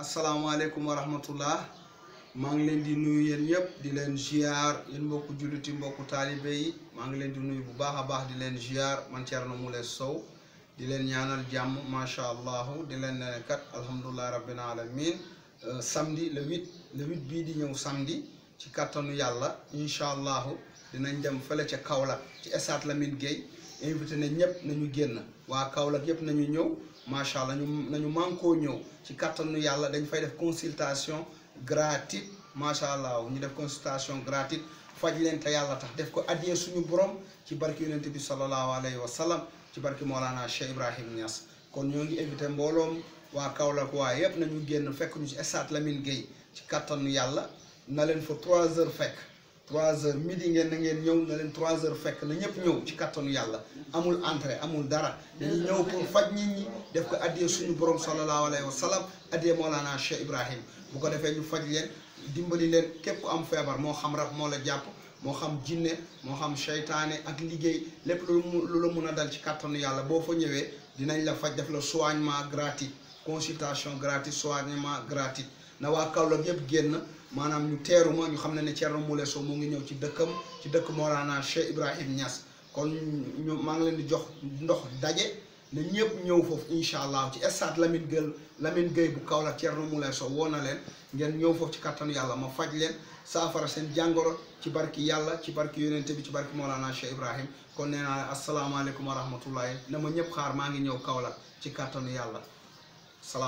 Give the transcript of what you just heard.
asalaamaaleykum wa rahmatullah maa ngi leen di nuyu yéen ñëpp di leen ziar mbokk mbokku julliti mbokku taalibe yi maa ngi leen di nuyu bu baax a baax di leen ziar man Thierno Moule Sow di leen ñaanal jàmm macha allah di leen ne kat alhamdulilah rabbil alamin euh, samedi le huit bii di ñëw samedi ci kattanu yàlla incha allah dinañ dem fële ca Kaolack ci Esat Lamine Gueye. invité nañ ñëpp nañu génn waa Kaolack yëpp nañu ñëw macha allah ñu nañu mànkoo ñëw ci kattanu yàlla dañ fay def consultation gratuite macha allah ñu def consultation gratuite faj leen te yàlla tax def ko addiyee suñu borom ci barke yonent bi sallallahu alayhi wa sallam ci barke Mawlana Cheikh Ibrahim Niass kon ñoo ngi invité mbooloom waa Kaolack waa yëpp nañu génn fekkuñu ñu ci stade Lamine Gueye ci kattanu yàlla na leen fa 3 heures fekk. 3 heures midi ngeen na ngeen ñëw na leen 3 heures fekk na ñëpp ñëw ci kattanu yàlla amul entrée amul dara dañuy ñëw pour faj ñii ñi def ko addiyee suñu borom sallallahu alayhi wa sallam addiyee Mawlana Cheikh Ibrahim bu ko defee ñu faj leen dimbali leen képp am feebar moo xam rab moo la jàpp moo xam jinne moo xam seytaane ak liggéey lépp lu la mun a dal ci kattanu yàlla boo fa ñëwee dinañ la faj def la soignement gratuit consultation gratuite soignement gratuit na waa Kaolack yëpp génn maanaam ñu teeru ma ñu xam na ne Thierno Moule Sow mu ngi ñëw ci dëkkam ci dëkk Mawlana Cheikh Ibrahim Niass kon ñu maa ngi leen di jox ndox daje ne ñëpp ñëw foofu incha allah ci stade Lamine Gueye Lamine Gueye bu Kaolack Thierno Moule Sow woo na leen ngeen ñëw foofu ci kattanu yàlla ma faj leen saafara seen jàngoro ci barki yàlla ci barki yonente bi ci barki Mawlana Cheikh Ibrahim kon nee naa asalaamaaleykum wa rahmatullahi ne ma ñëpp xaar maa ngi ñëw Kaolack ci kattanu yàlla